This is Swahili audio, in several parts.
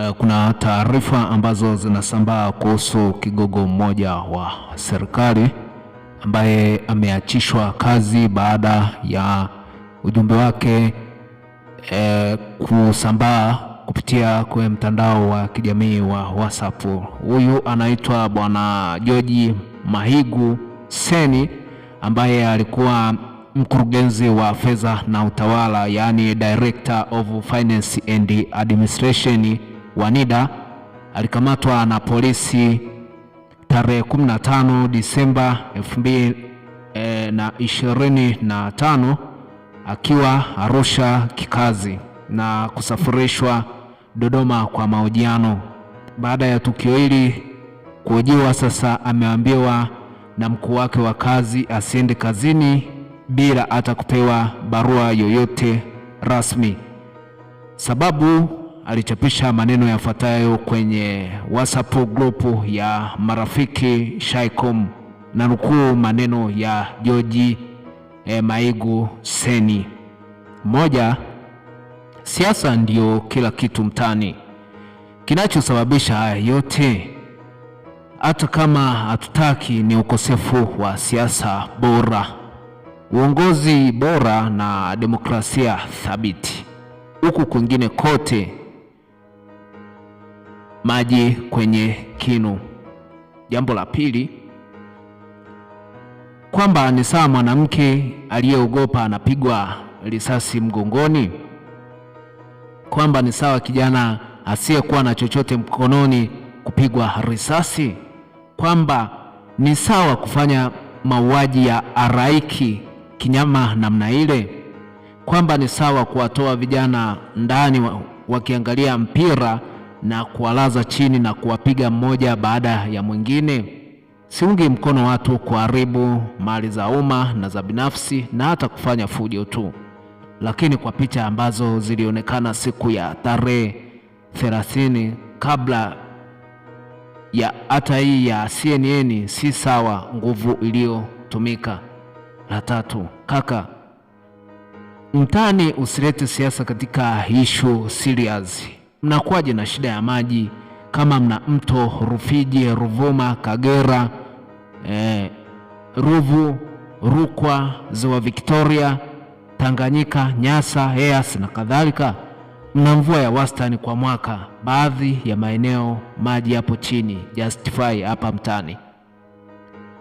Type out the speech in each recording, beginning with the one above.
Uh, kuna taarifa ambazo zinasambaa kuhusu kigogo mmoja wa serikali ambaye ameachishwa kazi baada ya ujumbe wake eh, kusambaa kupitia kwenye mtandao wa kijamii wa WhatsApp. Huyu anaitwa Bwana George Mahigu Seni ambaye alikuwa mkurugenzi wa fedha na utawala, yaani Director of Finance and Administration Wanida alikamatwa na polisi tarehe 15 Disemba 2025 e, akiwa Arusha kikazi na kusafirishwa Dodoma kwa mahojiano. Baada ya tukio hili kuhojiwa, sasa ameambiwa na mkuu wake wa kazi asiende kazini bila hata kupewa barua yoyote rasmi. Sababu alichapisha maneno yafuatayo kwenye WhatsApp group ya marafiki Shaicom, na nukuu maneno ya George eh, Maigu Seni. Moja, siasa ndiyo kila kitu mtani kinachosababisha haya yote, hata kama hatutaki, ni ukosefu wa siasa bora, uongozi bora na demokrasia thabiti. Huku kwingine kote maji kwenye kinu. Jambo la pili, kwamba ni sawa mwanamke aliyeogopa anapigwa risasi mgongoni, kwamba ni sawa kijana asiyekuwa na chochote mkononi kupigwa risasi, kwamba ni sawa kufanya mauaji ya araiki kinyama namna ile, kwamba ni sawa kuwatoa vijana ndani wakiangalia mpira na kuwalaza chini na kuwapiga mmoja baada ya mwingine. Siungi mkono watu kuharibu mali za umma na za binafsi na hata kufanya fujo tu, lakini kwa picha ambazo zilionekana siku ya tarehe 30 kabla ya hata hii ya CNN si sawa nguvu iliyotumika. La tatu, kaka mtani, usilete siasa katika issue serious mnakuwaje na shida ya maji kama mna mto Rufiji, Ruvuma, Kagera, eh, Ruvu, Rukwa, Ziwa Victoria, Tanganyika, Nyasa, Eas na kadhalika? Mna mvua ya wastani kwa mwaka. Baadhi ya maeneo maji yapo chini, justify hapa mtani.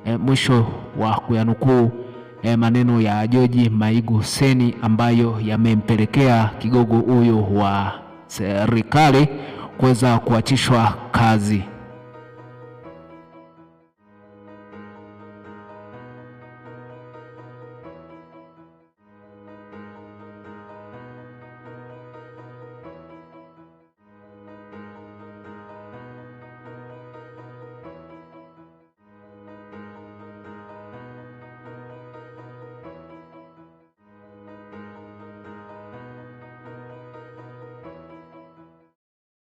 E, eh, mwisho wa kuyanukuu e, maneno ya George Maigu Seni ambayo yamempelekea kigogo huyu wa serikali kuweza kuachishwa kazi.